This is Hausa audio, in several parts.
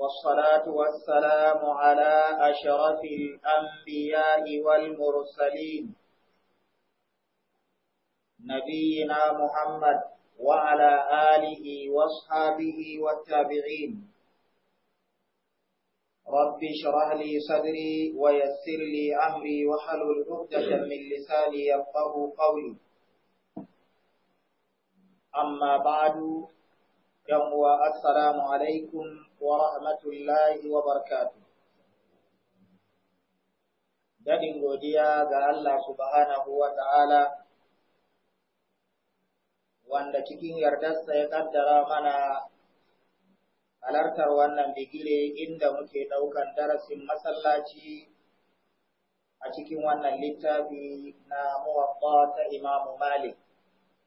والصلاة والسلام على أشرف الأنبياء والمرسلين نبينا محمد وعلى آله واصحابه والتابعين رب اشرح لي صدري ويسر لي أمري وحل عقدة من لساني يفقه قولي أما بعد uwa assalamu alaikum wa rahmatullahi wa barakatuh. Dadin godiya ga Allah subhanahu wa ta'ala, wanda cikin yardarsa ya kaddara mana halartar wannan digire inda muke ɗaukar darasin masallaci a cikin wannan littafi na muwaɓɓa ta Imamu Malik,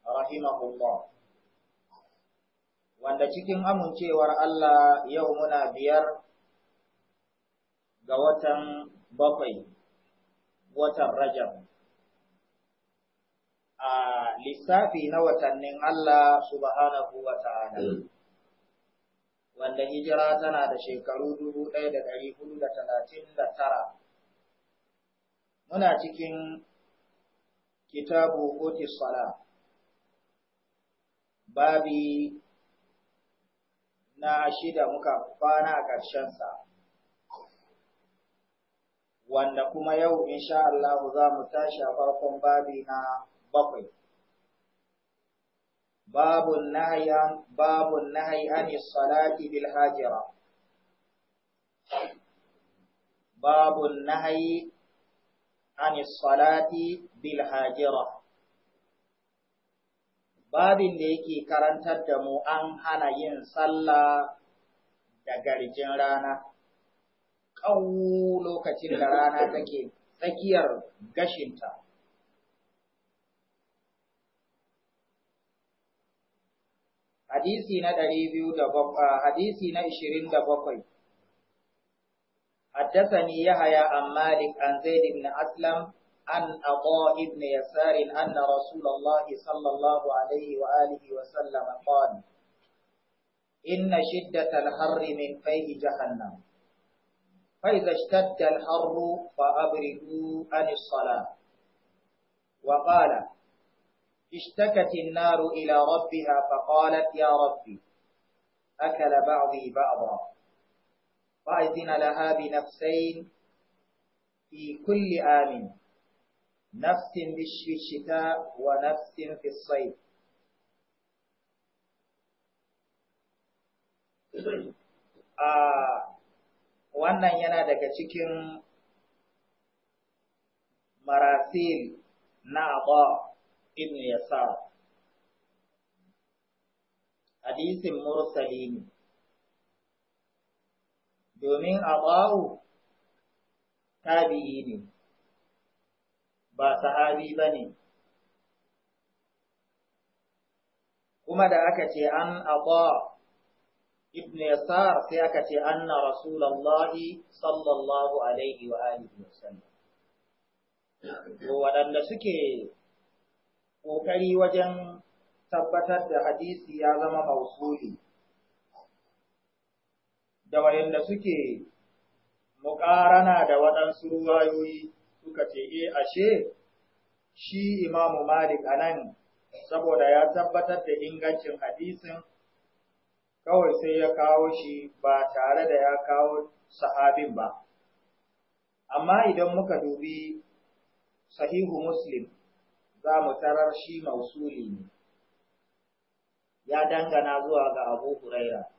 rahimahullah. wanda cikin amincewar Allah yau muna biyar ga watan bakwai watan Rajab. A lissafi na watannin Allah subhanahu wa ta'ala, hmm. wanda hijira tana da shekaru dubu ɗaya da ɗari hudu da talatin da tara. Muna cikin kitabu Otis Sala, babi na da muka kwana a ƙarshensa, wanda kuma yau insha Allah za mu tashi a farkon babi na bakwai. Babun nahayi an salati bil hajira. Babun nahayi an salati bil hajira. babin da yake karantar da mu an hana yin sallah da garjin rana, ƙau lokacin da rana take tsakiyar gashinta. Hadisi na ɗari biyu da bakwai hadisi na ishirin da bakwai. ya haya an Malik an zai Aslam عن عطاء ابن يسار أن رسول الله صلى الله عليه وآله وسلم قال إن شدة الحر من فيه جهنم فإذا اشتد الحر فأبردوا عن الصلاة وقال اشتكت النار إلى ربها فقالت يا ربي أكل بعضي بعضا وأذن لها بنفسين في كل آمن نفس في الشتاء ونفس في الصيف wannan yana daga cikin marasil na Aba ibn Yasar hadisin mursalin domin abau tabi'i ne ba sahabi ba ne. Kuma da aka ce an aba ibn Yasar sai aka ce anna na Rasulallahi sallallahu Alaihi wa alihi wa sallam. Waɗanda suke ƙoƙari wajen tabbatar da hadisi ya zama mausuli, da wayanda suke muƙarana da waɗansu ruwayoyi. suka ce e ashe shi imamu malik anan saboda ya tabbatar da ingancin hadisin kawai sai ya kawo shi ba tare da ya kawo sahabin ba amma idan muka dubi sahihu muslim za mu tarar shi mausuli ne ya dangana zuwa ga abu huraira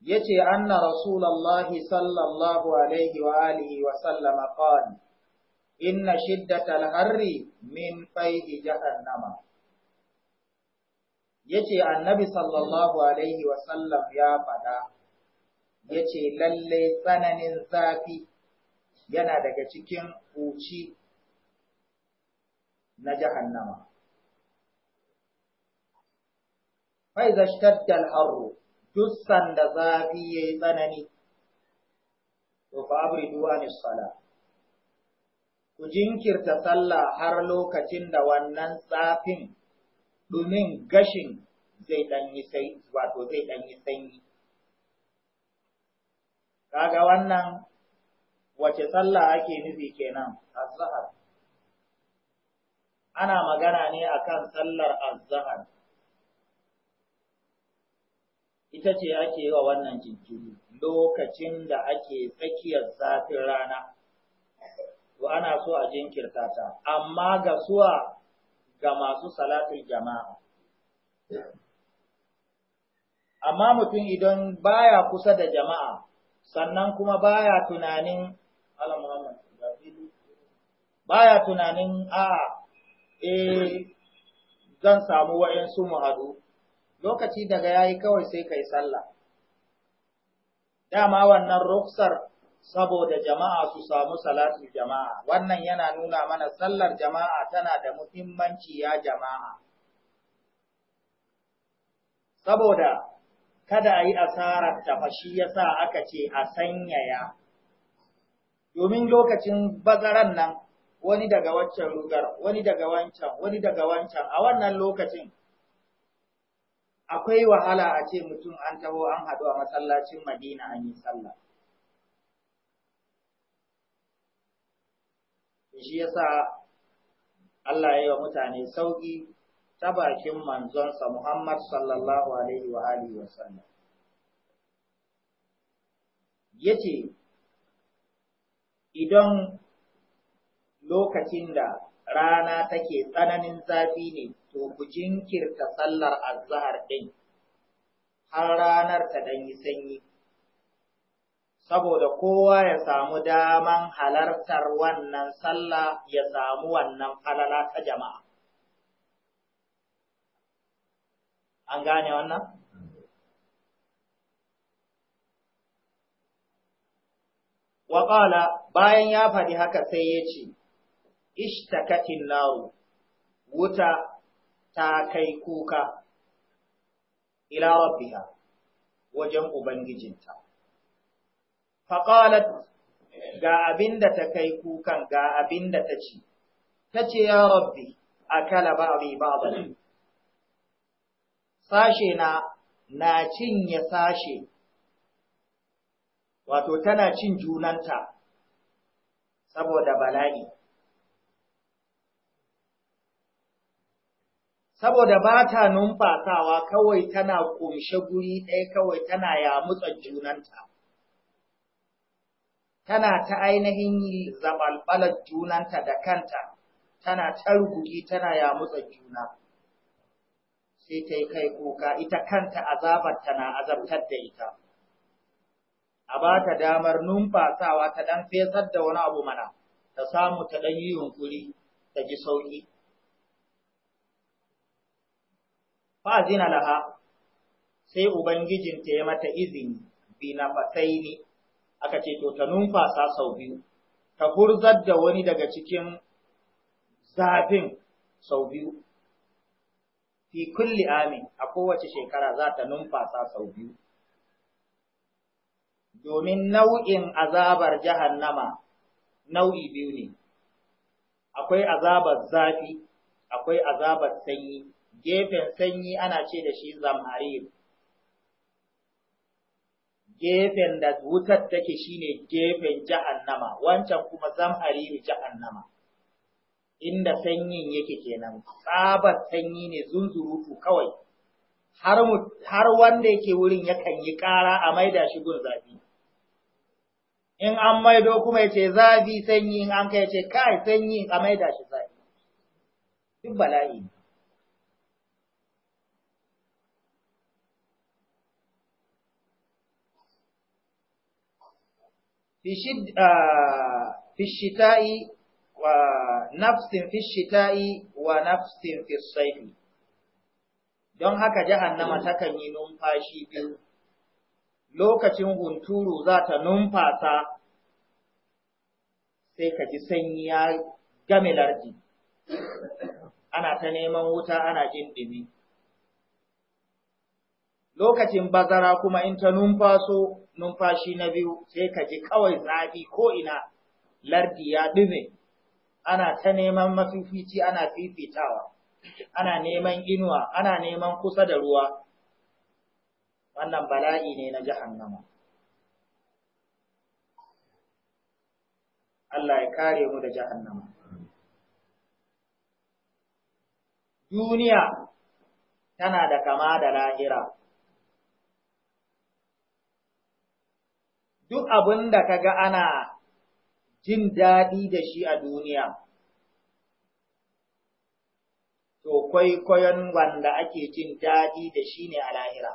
yace anna rasulullahi sallallahu alaihi wa alihi wa sallama qala inna shiddatal harri min fayhi jahannama yace annabi sallallahu alaihi wa sallam ya fada yace lalle tsananin zafi yana daga cikin huci na jahannama fa idza shadda harru duk da zafi ya yi tsanani, to fa abridu ne sala. Ku jinkirta sallah har lokacin da wannan tsafin ɗumin gashin zai ɗan sai wato zai ɗanyi sanyi. Kaga wannan wace sallah ake nufi kenan zahar? Ana magana ne akan sallar azhar. ita ce ake yi wa wannan jinkiri lokacin da ake tsakiyar zafin rana to ana so a jinkirta ta amma ga suwa ga masu salatul jama'a amma mutum idan baya kusa da jama'a sannan kuma baya tunanin baya tunanin a eh zan samu wa'yansu mu hadu. lokaci daga yayi kawai sai kai sallah dama wannan ruksar saboda jama'a su samu salatu jama'a wannan yana nuna mana sallar jama'a tana da muhimmanci ya jama'a saboda kada a yi asarar tafashi ya sa aka ce a sanyaya domin lokacin bazaran nan wani daga waccan rugar wani daga wancan wani daga wancan a wannan lokacin akwai wahala a ce mutum an taho an haɗu a masallacin Madina an yi sallah. Shi yasa Allah ya yi wa mutane sauƙi ta bakin manzonsa Muhammad sallallahu Alaihi wa Alihi wa sallam. Ya ce, Idan lokacin da rana take tsananin zafi ne, to ku jinkirta sallar azahar ɗin har ranar ta yi sanyi, saboda kowa ya samu daman halartar wannan sallah ya samu wannan falala ta jama'a. An gane wannan? Waƙala bayan ya faɗi haka sai ya ce, Ishtakatin naru, wuta ta kai kuka ila rabbiha wajen ubangijinta faqalat ga abinda ta kai kukan ga abinda ta ci, ta ce ya rabbi akala ba'di ba'dan sashe na na cinye sashe wato tana cin junanta saboda bala'i saboda ba ta numfasawa kawai tana kumshe guri ɗaya kawai tana yamutsa junanta. Tana ta ainihin zaɓalɓalar junanta da kanta, tana ta rugugi tana yamutsa juna. Sai ta yi kai kuka, ita kanta azabar tana azabtar da ita. A ba ta damar numfasawa ta ɗan fesar da wani abu mana, ta samu ta ɗan yi yunƙuri, ta ji sauƙi. fa zina laha sai ubangijinta ya mata izini bi na fataini aka ce to ta numfasa sau biyu ta hurzar da wani daga cikin zafin sau biyu fi kulli amin a kowace shekara za ta numfasa sau biyu domin nau'in azabar nama nau'i biyu ne akwai azabar zafi akwai azabar sanyi gefen sanyi ana ce da shi zamharir gefen da wutar take shine gefen jahannama wancan kuma zamhariri jahannama inda sanyin yake kenan tsabar sanyi ne zunzurutu kawai har har wanda yake wurin yakan yi ƙara a maida shi gun zafi in an maido kuma yace zafi sanyi in an kai yace kai sanyi a maida shi zafi duk bala'i ne fi shita'i wa nafsin fi shita'i wa nafsin fi saifi. Don haka jahannama takan yi numfashi biyu, lokacin hunturu za ta numfasa sai ka ji sanyi ya game lardi. Ana ta neman wuta ana jin ɗumi. lokacin bazara kuma in ta numfaso numfashi na biyu sai ka ji kawai zafi ko ina lardi ya dume ana ta neman mafifici ana fifitawa ana neman inuwa ana neman kusa da ruwa wannan bala'i ne na jahannama Allah ya kare mu da jahannama duniya tana da kama da lahira duk abin da kaga ana jin daɗi da shi a duniya, to kwaikwayon wanda ake jin daɗi da shi ne a lahira.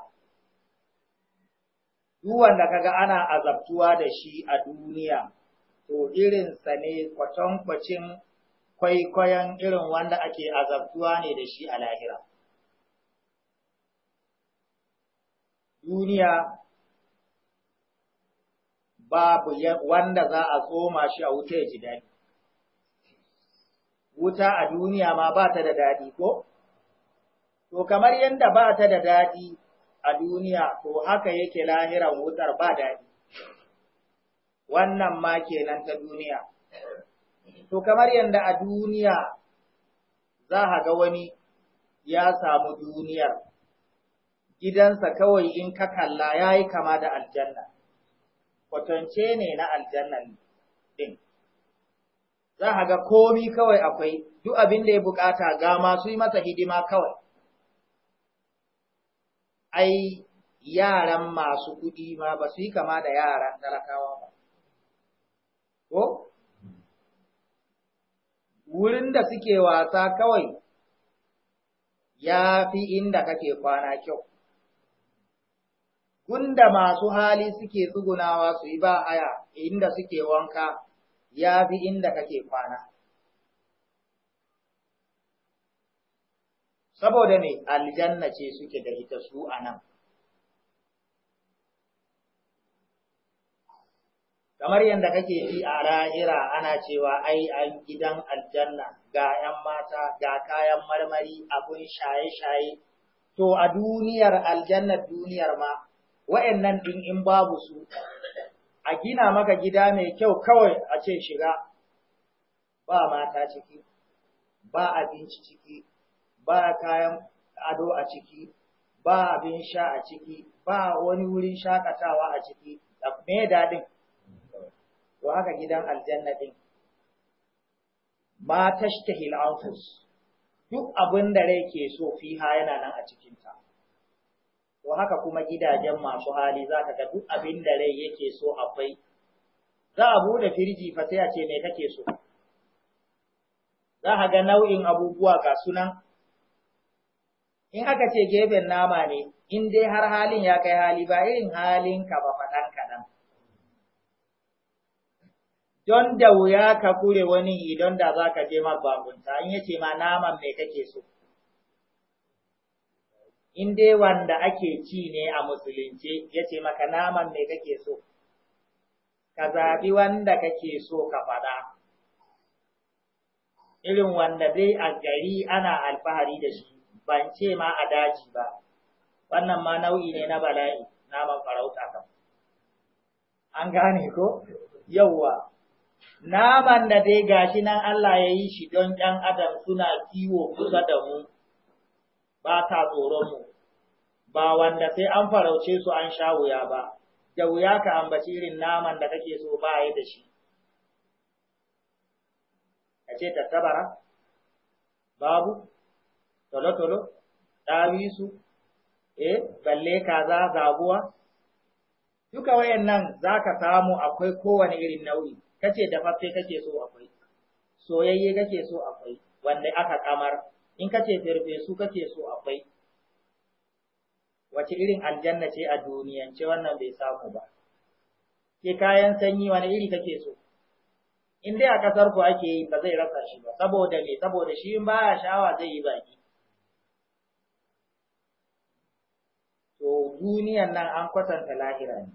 Duk wanda ka ga ana azabtuwa da shi a duniya, to irinsa ne kwatankwacin kwaikwayon irin wanda ake azabtuwa ne da shi a lahira. Duniya babu wanda za a tsoma shi a wuta ya ji daɗi. Wuta a duniya ma ba ta da daɗi ko? To kamar yadda ba ta da daɗi a duniya to haka yake lahiran wutar ba daɗi. Wannan ma kenan ta duniya. To kamar yadda a duniya za a ga wani ya samu duniyar, gidansa kawai in ka kalla ya yi kama da aljanna. kwatance ne na aljannan din za a ga komi kawai akwai duk abin da ya bukata ga masu yi masa hidima kawai ai yaran masu kuɗi ma ba su yi kama da yara talakawa ba ko wurin da suke wasa kawai ya fi inda kake kwana kyau Tunda masu hali suke tsugunawa su yi ba haya inda suke wanka ya fi inda kake kwana. Saboda ne aljanna ce suke da ita su a nan. Kamar yadda kake ji a ra'ira ana cewa ai an gidan aljanna ga ‘yan mata, ga kayan marmari, abun shaye-shaye, to a duniyar aljannar duniyar ma wa'annan ɗin in babu su a gina maka gida mai kyau kawai a ce shiga ba mata ciki ba abinci ciki ba kayan ado a ciki ba abin sha a ciki ba wani wurin shakatawa a ciki me daɗin. to haka gidan aljanna din ma tashtahil anfus duk abin da rai ke so fiha yana nan a cikinta to haka kuma gidajen masu hali za ka ga duk abin da rai yake so akwai za a bude firji fa sai a ce me kake so za a ga nau'in abubuwa ga sunan in aka ce gefen nama ne in dai har halin ya kai hali ba irin halin ka ba faɗan kaɗan don da wuya ka kure wani idan da za ka je ma babunta, in yace ma naman me kake so in dai wanda ake ci ne a musulunce ya ce maka naman me kake so ka zaɓi wanda kake so ka faɗa irin wanda dai a gari ana alfahari da shi ban ce ma a daji ba wannan ma nau'i ne na bala'i naman farauta kan an gane ko yawwa naman da dai gashi nan Allah ya yi shi don 'yan adam suna kiwo kusa da mu ba ta tsoronmu, ba wanda sai an farauce su an sha wuya ba, da wuya ka ambaci irin naman da kake so ba ya da shi. Ka ce tattabara, babu, Tolotolo? ɗawisu, eh, balle kaza zabuwa, duka wayan nan za ka samu akwai kowane irin nau'i, kace dafaffe kake so akwai, soyayye kake so akwai, wanda aka kamar. in kace ce su kake so akwai wace irin aljanna ce a duniyance wannan bai samu ba ke kayan sanyi wani iri kake so in dai a kasar ku ake yi ba zai rasa shi ba saboda me saboda shi in baya sha'awa zai yi baki to duniyan nan an kwatanta lahira ne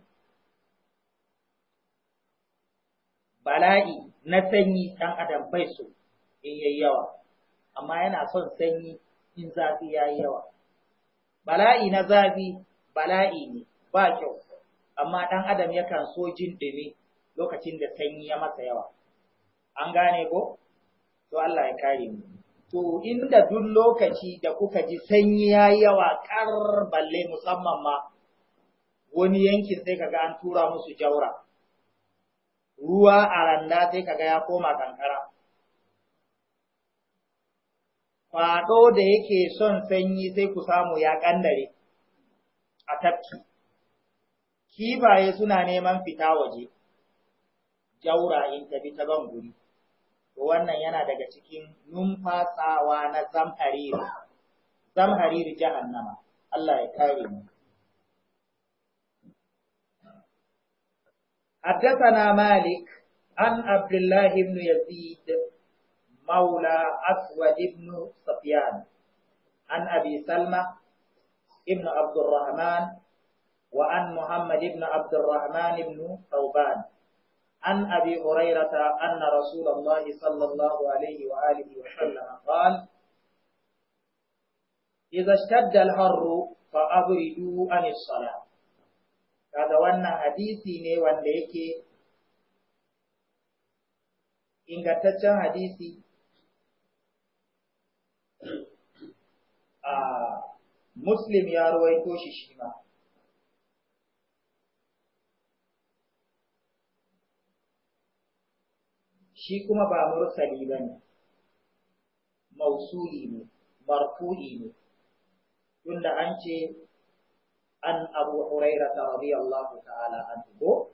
bala'i na sanyi ɗan adam bai so in yayi yawa amma yana son sanyi in zafi ya yi yawa. Bala'i na zafi bala'i ne ba kyau, amma ɗan adam yakan so jin ɗumi lokacin da sanyi ya masa yawa. An gane ko? To Allah ya kare mu. To inda duk lokaci da kuka ji sanyi ya yi yawa ƙar balle musamman ma wani yankin sai kaga an tura musu jaura. Ruwa a randa sai kaga ya koma kankara. Faɗo da yake son sanyi sai ku samu ya ƙandare a tafki, kifaye suna neman fita waje, jaura in tafi ta ban guri, wannan yana daga cikin numfasawa na zamhariri, zamhariru jahannama, Allah ya kare mu. حدثنا na malik عبد الله بن يزيد مولى أسود بن صفيان عن أبي سلمة ابن عبد الرحمن وعن محمد بن عبد الرحمن بن ثوبان عن أبي هريرة أن رسول الله صلى الله عليه وآله وسلم قال إذا اشتد الحر فأبردوا عن الصلاة هذا وانا حديثي ني ليكي إن ingantaccen حديثي muslim ya ruwaito shi shi ma shi kuma ba mursali ba ne mausuli ne marfu'i ne tunda an ce an abu huraira radiyallahu ta'ala an ko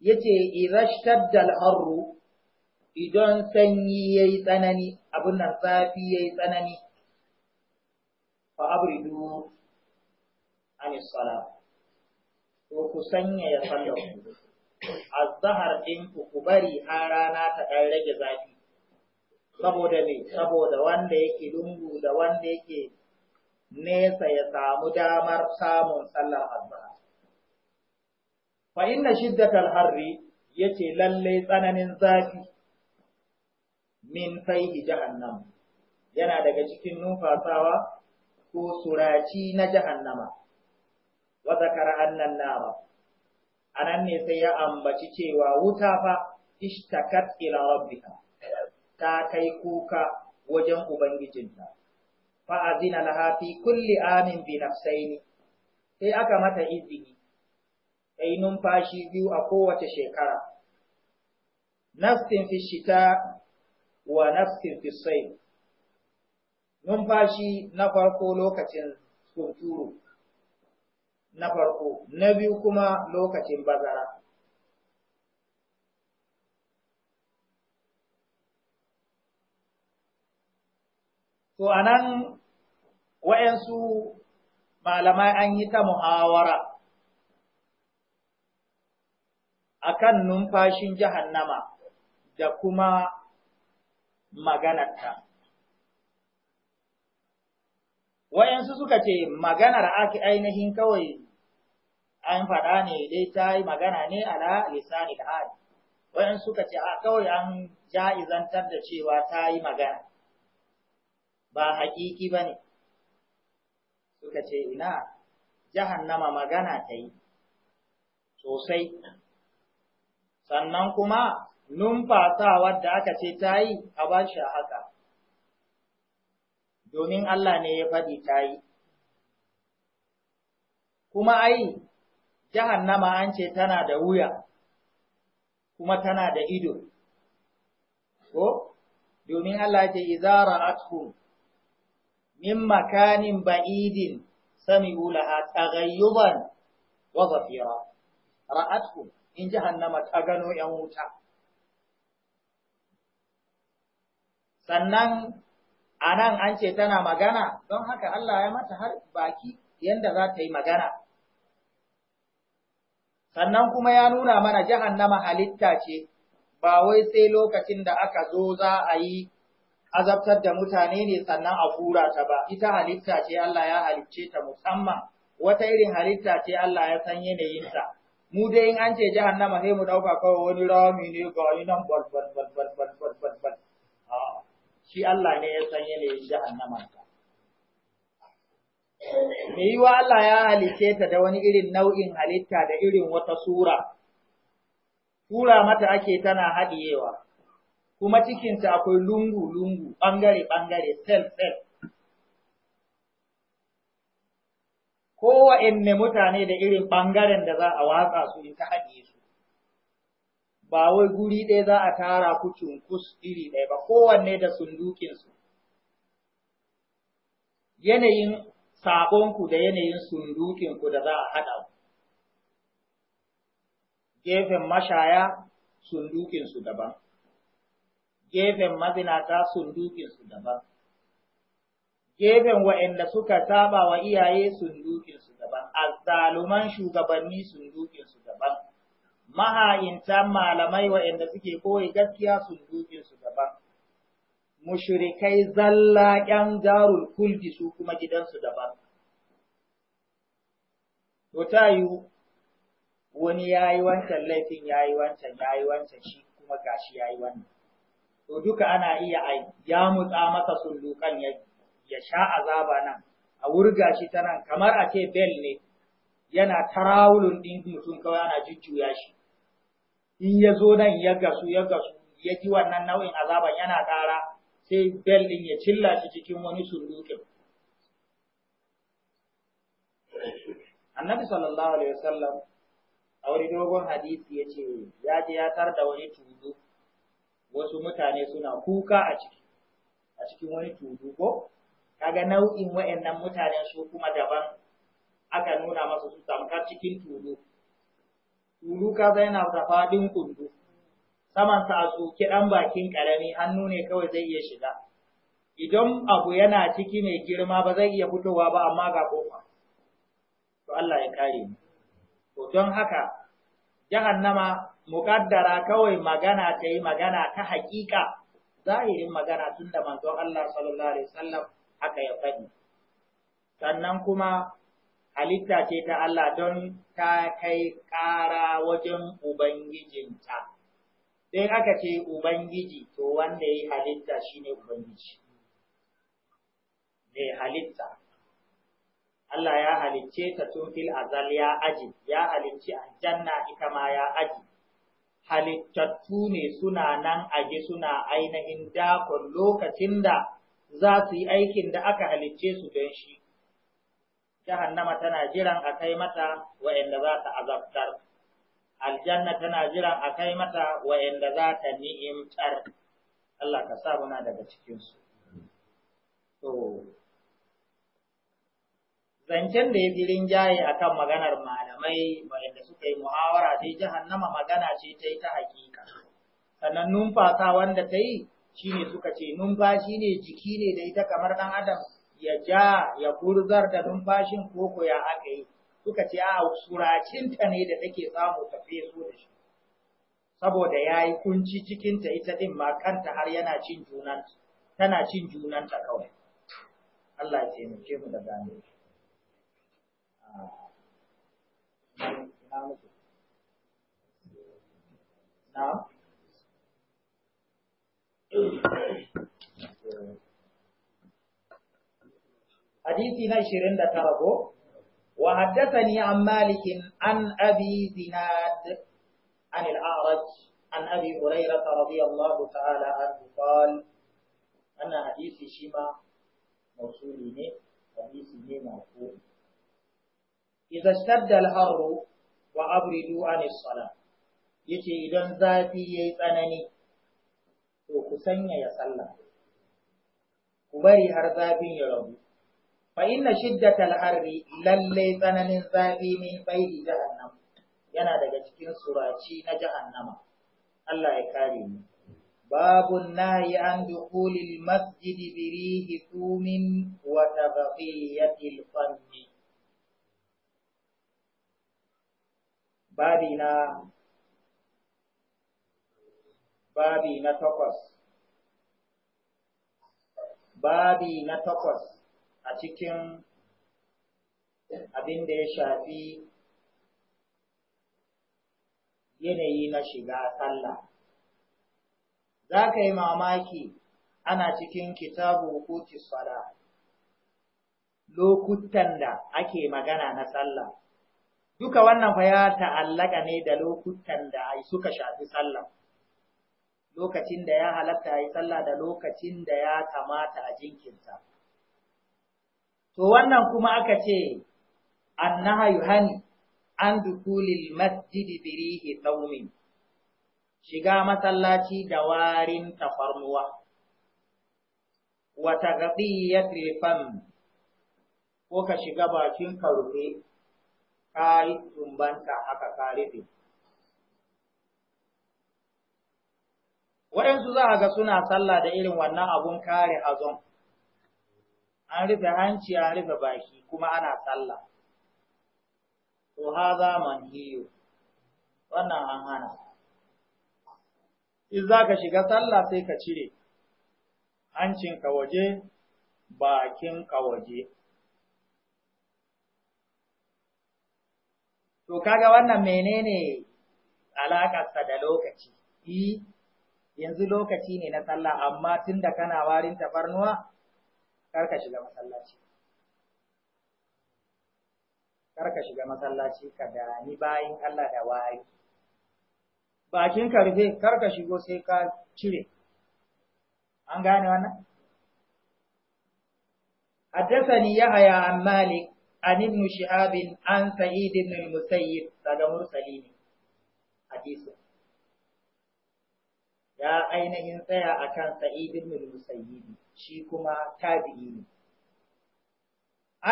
yace ce shtadda al-harru idan sanyi yayi tsanani abin nan zafi yi tsanani fa abridu anis salat ko ku sanya ya sallar ku azhar din ku ku bari har rana ta dan rage zafi saboda me saboda wanda yake lungu da wanda yake nesa ya samu damar samun sallar azhar fa inna shiddatal harri yace lallai tsananin zafi min faihi jahannam yana daga cikin numfasawa ko suraci na jahannama wa zakara annan nara anan ne sai ya ambaci cewa wuta fa ishtakat ila rabbika ta kai kuka wajen ubangijinta fa azina laha fi kulli amin bi nafsaini sai aka mata izini sai numfashi biyu a kowace shekara nafsin fi shita wa nafsin fisai numfashi na farko lokacin sunturu na farko na biyu kuma lokacin bazara to anan wa'yansu malamai an yi ta muhawara akan numfashin jahannama da kuma maganarta. Wayansu suka ce maganar aki ainihin kawai an faɗa ne dai ta yi magana ne ala lisani da hali. Wayansu suka ce a kawai an ja'izantar da cewa ta yi magana, ba haƙiƙi ba ne. Suka ce ina jahannama magana ta yi sosai, sannan kuma numfasawar da aka ce ta yi a ba shi haka, domin Allah ne ya faɗi ta yi. Kuma ai, jahannama an ce tana da wuya, kuma tana da ido, ko? Domin Allah ce, Izara atku, min makanin ba'idin sami wulaha tsagayyuban wa zafira, ra'atku in jahannama ta gano ‘yan wuta’. sannan a nan an ce tana magana don haka Allah ya mata har baki yanda za ta yi magana. Sannan kuma ya nuna mana jahannama halitta ce, ba wai sai lokacin da aka zo za a yi azabtar da mutane ne sannan a hura ta ba, ita halitta ce Allah ya halicce ta musamman, wata irin halitta ce Allah ya san yanayinta. Mu dai in an ce jahannama sai mu ɗauka kawai wani rami ne ga wani nan bal bal bal bal bal bal bal. shi Allah ne ya san yanayin jahannama ta me wa Allah ya halice ta da wani irin nau'in halitta da irin wata sura tura mata ake tana haɗiyewa kuma cikinta akwai lungu-lungu ɓangare-ɓangare sel-sel in mutane da irin ɓangaren da za a watsa su in ka haɗiye su ba wai guri ɗaya za a tara ku cunkus iri ɗaya ba kowanne da sundukinsu yanayin sabonku da yanayin sundukinku da za a haɗa ku gefen mashaya sundukinsu daban gefen mazinata sundukinsu daban gefen wa'anda suka saba wa iyaye sundukinsu daban azzaluman shugabanni sundukinsu daban mahayintan malamai waɗanda suke koyi gaskiya su dukin su gaba. mushrikai zalla ƴan garul su kuma gidansu daban to ta yiwu wani yayi wancan laifin yayi wancan yayi wancan shi kuma gashi yayi wannan to duka ana iya ai ya mutsa masa sulukan ya ya sha azaba nan a wurga shi ta nan kamar a ce bel ne yana tarawulun ɗin mutum kawai ana jujjuya shi in ya zo nan ya gasu ya gasu ya ji wannan nau'in azaban yana ƙara sai bel ɗin ya cilla shi cikin wani surutun. Annabi sallallahu alaihi wasallam a wani dogon hadisi ya ce ya je ya tar da wani tudu wasu mutane suna kuka a ciki a cikin wani tudu ko kaga nau'in wa'annan mutanen su kuma daban aka nuna masu su tamkar cikin tudu tulu kaza yana da faɗin kundu samansa a tsoki ɗan bakin ƙarami hannu ne kawai zai iya shiga idan abu yana ciki mai girma ba zai iya fitowa ba amma ga kofa to Allah ya kare mu to don haka jahannama muƙaddara kawai magana ta yi magana ta haƙiƙa zahirin magana tun da manzon Allah sallallahu alaihi wasallam haka ya faɗi sannan kuma halitta ce ta Allah don ta kai ƙara wajen Ubangijinta. Sai aka ce Ubangiji to wanda ya yi halitta shi ne Ubangiji. Mai halitta. Allah ya halicce ta tun fil azal ya aji, ya halicci aljanna ita ma ya aji. Halittattu ne suna nan aji suna ainihin dakon lokacin da za su yi aikin da aka halicce su don shi. jahannama tana jiran a kai mata wa'anda za ta azabtar aljanna tana jiran a kai mata wa'anda za ta ni'imtar Allah ka sa muna daga cikin su to zancen da ya fi jaye akan maganar malamai wa'anda suka yi muhawara dai jahannama magana ce ta yi ta hakika sannan numfasa wanda ta yi shine suka ce numfashi ne jiki ne da ita kamar ɗan adam ya ja ya kurzar da numfashin koko ya aka yi suka ce a suracinta ne da take samu ta feso da shi saboda ya yi kunci cikinta ita din ma kanta har yana cin junanta tana cin ta kawai Allah ya taimake mu da gane ah. حديثي نشرين دا تربو وحدثني عن مالك عن أبي زناد عن الأعرج عن أبي هريرة رضي الله تعالى عنه قال أن حديث شيما موصولي ني حديث ني موصول إذا اشتد الحر وأبردوا عن الصلاة يتي إذا انزافي يتنني وكسن يسلم وبري هرزابين يلوم fa inna shiddatal harri lalle tsananin zafi min baidi jahannam yana daga cikin suraci na jahannama Allah ya kare Babu na nahi an dukhulil masjidi biri rihi wata wa ya fanni babi na babi na takwas babi na takwas a cikin abin da ya shafi yanayi na shiga sallah za ka yi mamaki ana cikin kitabu hukuki sala lokutan da ake magana na sallah duka wannan fa ya ta'allaka ne da lokutan da suka shafi sallah lokacin da ya halatta ya yi sallah da lokacin da ya kamata a jinkinta To wannan kuma aka ce, annaha yuhani an dukulil masjidi birihi tsaumin, shiga masallaci da warin tafarnuwa, wata gaɓi ya trefan ko ka shiga bakin ka rufe, ka yi tumbanta haka Waɗansu za a ga suna sallah da irin wannan abun kare hazon. an rufe hanci an rufe baki kuma ana sallah to haza hiyo wannan an hana in za ka shiga sallah sai ka cire hancin ka waje bakin ka waje to kaga wannan menene alakarsa da lokaci yanzu lokaci ne na sallah amma tunda kana warin tafarnuwa kar ka shiga masallaci kar ka shiga masallaci ka dani bayin Allah da wari bakin ka rufe kar ka shigo sai ka cire an gane wannan حدثني يحيى عن مالك عن ابن شهاب عن سعيد بن المسيب daga mursali ne hadisin ya ainihin tsaya akan sa'id ibn al shi kuma tabi'i ne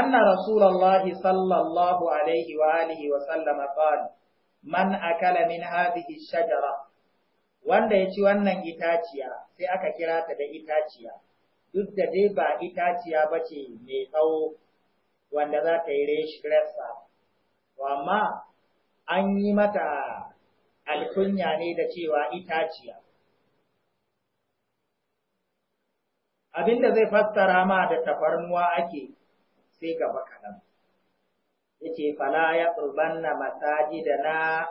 anna rasulullahi sallallahu alaihi wa alihi wa sallama qala man akala min hadhihi shajara wanda ya ci wannan itaciya sai aka kira ta da itaciya duk da dai ba itaciya ba ce mai tsawo wanda za ta yi resa amma an yi mata alkunya ne da cewa itaciya abinda zai fassara ma da tafarnuwa ake sai gaba kaɗan. Yace fala ya ƙurbanna masajidana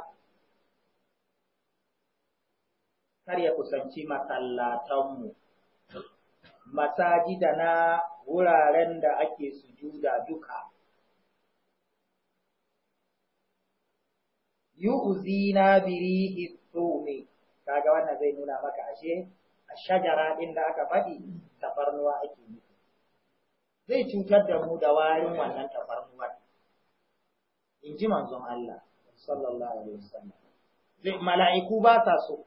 kar ya kusanci masallatanmu. na wuraren da ake sujuda duka. Yu'zina ne. tsumi, kaga wannan zai nuna maka ashe, a shajara ɗin da aka faɗi. tafarnuwa ake nufi zai cutar da mu da warin wannan tafarnuwa in ji manzon Allah sallallahu alaihi wasallam zai mala'iku ba sa so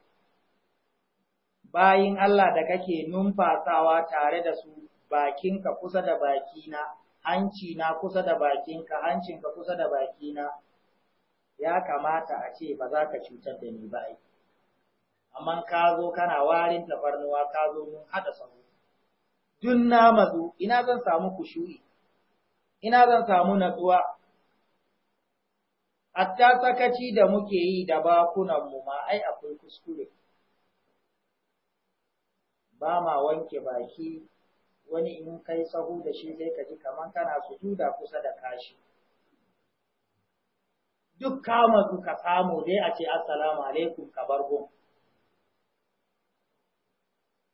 bayin Allah da kake numfasawa tare da su bakinka kusa da bakina hancina kusa da bakinka hancinka kusa da bakina ya kamata a ce ba za ka cutar da ni ba amma ka zo kana warin tafarnuwa ka zo mun hada sahu Dun na matsu ina zan samu kushu'i ina zan samu natsuwa hatta sakaci da muke yi da bakunan mu ma ai akwai kuskure ba ma wanke baki wani in kai sahu da shi sai ka ji kamar kana sujuda kusa da kashi duk kama su ka samu dai a ce assalamu alaikum ka bar gun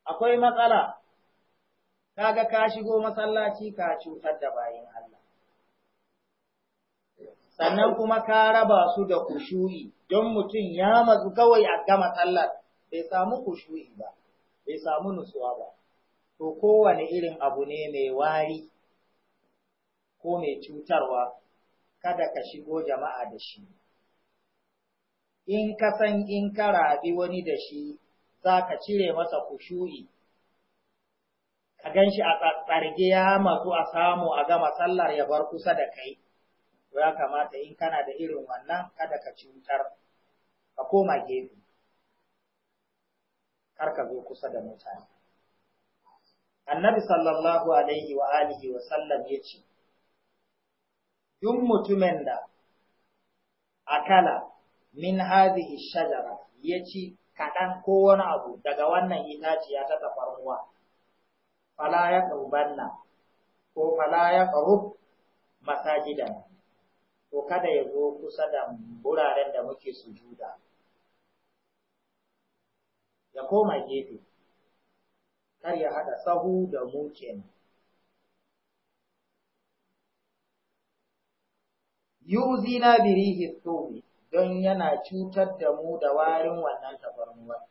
akwai matsala kaga ka shigo masallaci ka cutar da bayin Allah sannan kuma ka raba su da kushu'i don mutum ya matsu kawai a gama sallar bai samu kushu'i ba bai samu nutsuwa ba to kowane irin abu ne mai wari ko mai cutarwa kada ka shigo jama'a da shi in ka san in ka rabi wani da shi za ka cire masa kushu'i a gan shi a tsarge ya matsu a samu a gama sallar ya bar kusa da kai to ya kamata in kana da irin wannan kada ka cutar ka koma gefe kar ka zo kusa da mutane annabi sallallahu alaihi wa alihi wa sallam ya ce duk mutumin da akala min hadhihi shajara ya ci kaɗan ko abu daga wannan itaciya ta tafarnuwa fala ya ɗaubanna ko fala ya ƙarub masajidan ko kada ya zo kusa da wuraren da muke sujuda ya koma gefe kar ya haɗa sahu da mukin kenan yuzi na birihi don yana cutar da mu da warin wannan tabarnuwar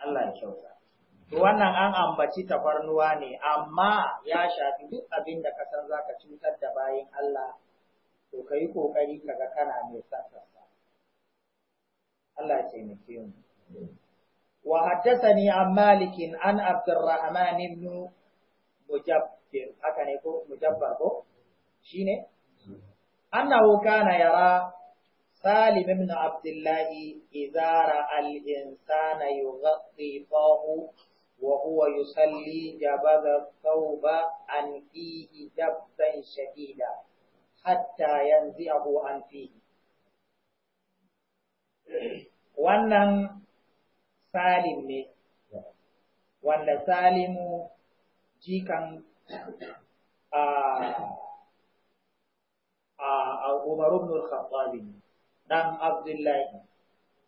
Allah ya kyauta to wannan an ambaci tafarnuwa ne amma ya shafi duk abin da ka san zaka cutar da bayin Allah to kai kokari kaga kana mai sansa Allah ya taimake mu وحدثني عن مالك ibn Mujabbir haka ne ko Mujabbar ko shine annahu kana yara سالم بن عبد الله إذا رأى الإنسان يغطي فاه وهو يصلي جبذ الثوب عن فيه جبذا شديدا حتى ينزعه عن فيه wannan salim ne wanda salimu jikan a بن umaru ne dan Abdullahi,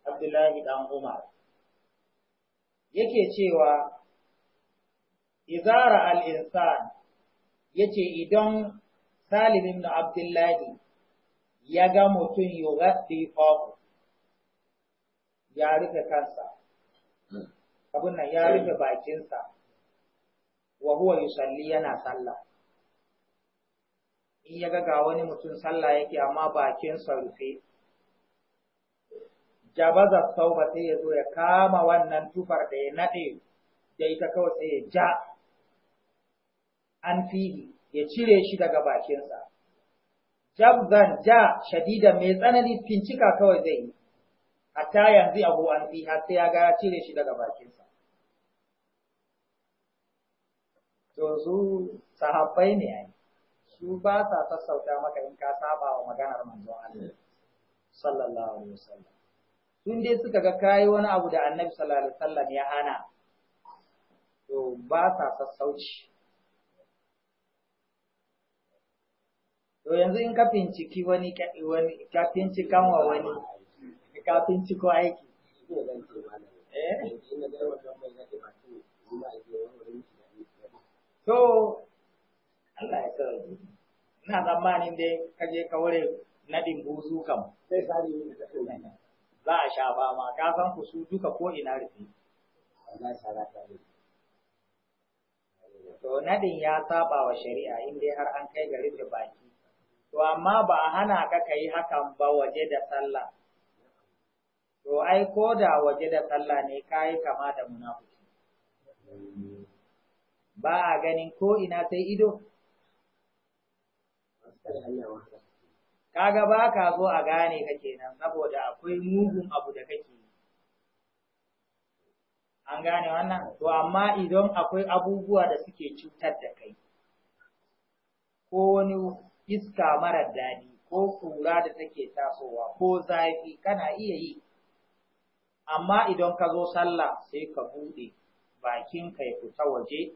Abdullahi dan Umar, yake cewa, Izara al'insan ya ce idan Salim na Abdullahi ya ga mutum yi ya rufe kansa, abin nan ya rufe bakinsa, wa huwa yusalli yana sallah. In ya ga wani mutum sallah yake amma bakinsa rufe. jabaza sauba sai ya zo ya kama wannan tufar da ya naɗe da ita kawai sai ya ja an fihi ya cire shi daga bakinsa. Jabzan ja shadida mai tsanani fincika kawai zai yi, hatta yanzu abu an fi sai ya ga cire shi daga bakinsa. To su sahabbai ne ai, su ba sa sassauta maka in ka saba wa maganar manzon Allah sallallahu alaihi wasallam. in dai suka ga kayi wani abu da annabi sallallahu alaihi wasallam ya hana to ba sa sassauci to yanzu in ka finciki wani wani ka fincikan wa wani ka finciko aiki eh to Allah ya sarrafa ina tsammanin dai kaje ka ware nadin buzu kam sai sani ne za a sha ba ma ka ku su duka ko ina rufe to nadin ya saba wa shari'a in dai har an kai ga rufe baki to amma ba a hana ka kai hakan ba waje da sallah to ai ko da waje da sallah ne kai kama da munafiki ba a ganin ko ina sai ido kaga ba ka zo a gane ka kenan saboda akwai mugun abu da kake an gane wannan to amma idan akwai abubuwa da suke cutar da kai ko wani iska marar daɗi ko kura da take tasowa ko zafi kana iya yi amma idan ka zo sallah sai ka buɗe bakin ka ya fita waje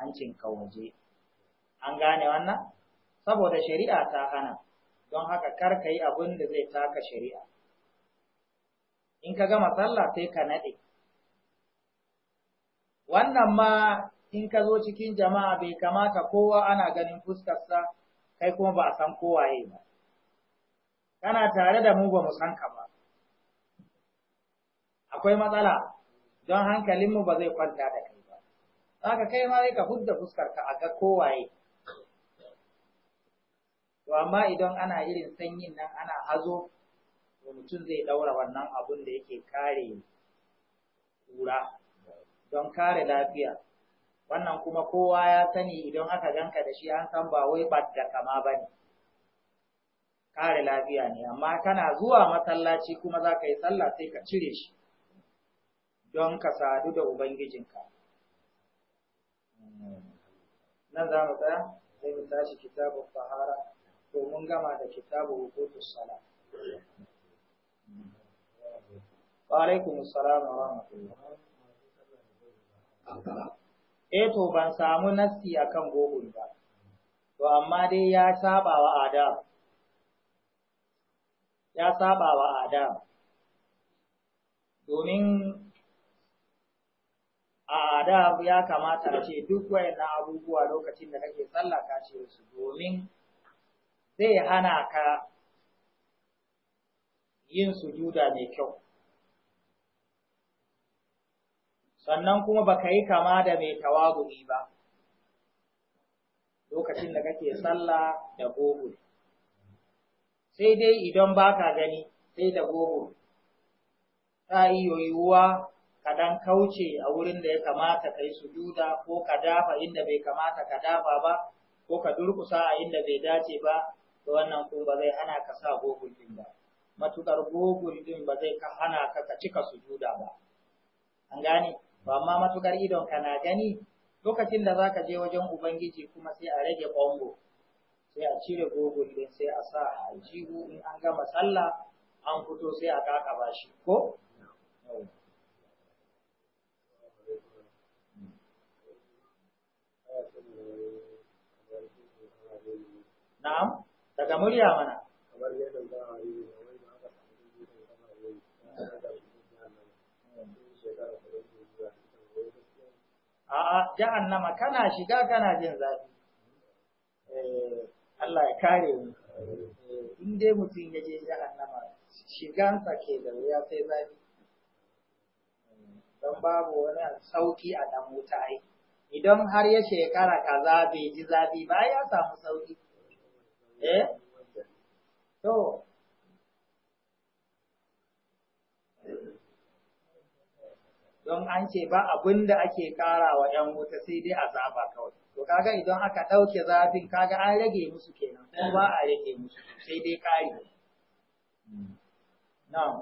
hancin ka waje an gane wannan saboda shari'a ta hana don haka kar ka yi abin da zai taka shari'a in ka gama sallah sai ka naɗe wannan ma in ka zo cikin jama'a bai kamata kowa ana ganin fuskarsa kai kuma ba a san kowaye ba kana tare da mu ba mu san ka ba akwai matsala don hankalinmu ba zai kwanta da kai ba haka kai ma ka hudda fuskarka a ga kowaye to amma idan ana irin sanyin nan ana hazo to mutum zai daura wannan abun da yake kare kura don kare lafiya wannan kuma kowa ya sani idan aka ganka da shi an san ba wai da kama ba ne, kare lafiya ne amma kana zuwa masallaci kuma za ka yi sallah sai ka cire shi don ka sadu da ubangijinka nan za mu tsaya sai mu tashi kitabun fahara to mun gama da kitabu hukutus sala wa alaikum assalam wa rahmatullah eh to ban samu nassi akan gogul ba to amma dai ya saba wa adam ya saba wa adam domin a da ya kamata a ce duk wayannan abubuwa lokacin da kake tsallaka shi su domin zai hana ka yin sujuda mai kyau. Sannan kuma baka yi kama da mai tawagumi ba, lokacin da kake sallah da gogul. Sai dai idan baka gani sai da gogul, ta iyo yiwuwa ka dan kauce a wurin da ya kamata ka yi sujuda ko ka dafa inda bai kamata ka dafa ba ko ka durkusa a inda bai dace ba to wannan ko ba zai hana ka sa gogul din ba matukar gogul din ba zai ka hana ka ka cika sujuda ba an gane to amma matukar idon ka na gani lokacin da zaka je wajen ubangiji kuma sai a rage bongo sai a cire gogul din sai a sa a in an gama sallah an fito sai a kaka bashi ko Na'am. daga murya mana a'a jahannama kana shiga kana jin zafi eh, Allah ya kare mu eh, in dai mutum ya je jahannama shigansa ke da wuya sai zafi don babu wani sauki a dan wuta idan har ya shekara kaza bai ji zafi ba ya samu sauki eh to don an ce ba abin da ake kara wa ‘yan wuta sai dai a zaba kawai. To kaga idan aka ɗauke zafin kaga an rage musu kenan ko ba a rage musu sai dai ƙari. Na'am.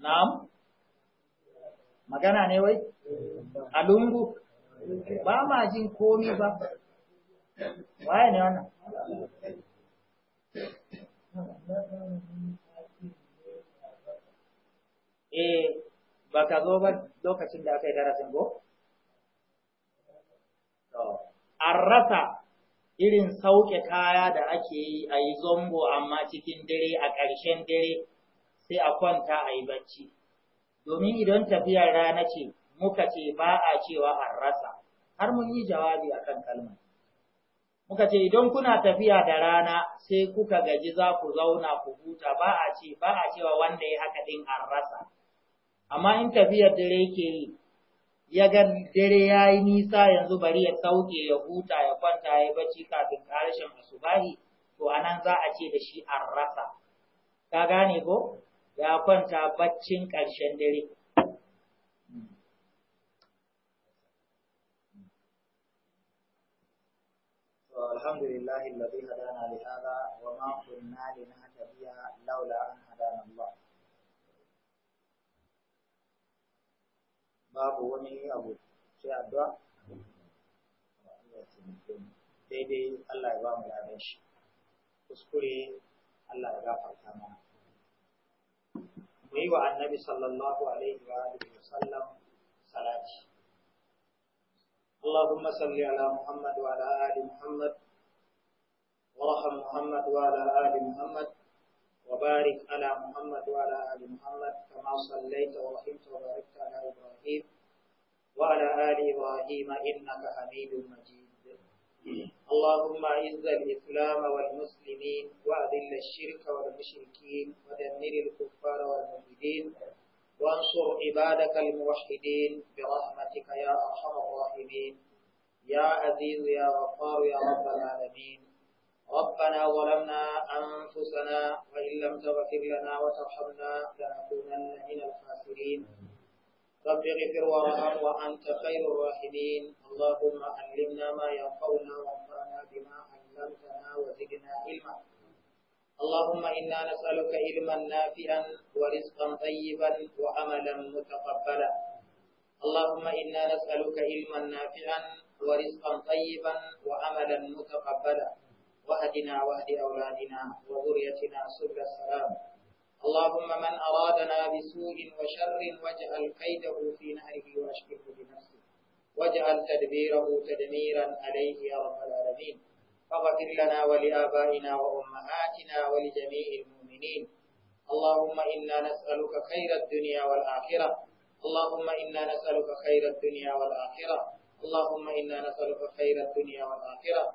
Na'am. Magana ne wai? Mm. A lungu? Ba ma jin komi ba. waye ne eh, ba ka zo ba lokacin da aka yi darasin an rasa irin sauke kaya da ake yi a yi zongo amma cikin dare a ƙarshen dare sai a kwanta a yi bacci domin idan tafiyar rana ce muka ce ba a cewa an rasa har mun yi jawabi akan kalmar muka ce idan kuna tafiya da rana sai kuka gaji za ku zauna ku huta ba a ce ba a cewa wanda ya haka din an rasa amma in tafiyar dare ke yi ya ga dare ya yi nisa yanzu bari ya sauke ya huta ya kwanta ya bacci kafin karshen asubahi to a nan za a ce da shi an rasa ka gane ko ya kwanta baccin ƙarshen dare والحمد لله الذي هدانا لهذا وما كنا لنهتدي لولا أن هدانا الله babu wani abu sai addu'a daidai Allah ya ba mu ladan shi kuskure Allah ya gafarta mana mu yi wa annabi sallallahu alaihi wa alihi wa sallam salati اللهم صل على محمد وعلى آل محمد ورحم محمد وعلى آل محمد وبارك على محمد وعلى آل محمد كما صليت ورحمت وباركت على إبراهيم وعلى آل إبراهيم إنك حميد مجيد اللهم أعز الإسلام والمسلمين وأذل الشرك والمشركين ودمر الكفار والمجدين وانصر عبادك الموحدين برحمتك يا أرحم الراحمين يا عزيز يا غفار يا رب العالمين ربنا ظلمنا أنفسنا وإن لم تغفر لنا وترحمنا لنكونن من الخاسرين رب اغفر وارحم وأنت خير الراحمين اللهم علمنا ما ينفعنا وانفعنا بما علمتنا وزدنا علما اللهم إنا نسألك علما نافعا ورزقا طيبا وعملا متقبلا اللهم إنا نسألك علما نافعا ورزقا طيبا وعملا متقبلا وأدنا وأد أولادنا وذريتنا سبل السلام اللهم من أرادنا بسوء وشر واجعل كيده في نهره وأشكله بنفسه واجعل تدبيره تدميرا عليه يا رب العالمين فاغفر لنا ولآبائنا وأمهاتنا ولجميع المؤمنين اللهم إنا نسألك خير الدنيا والآخرة اللهم إنا نسألك خير الدنيا والآخرة اللهم إنا نسألك خير الدنيا والآخرة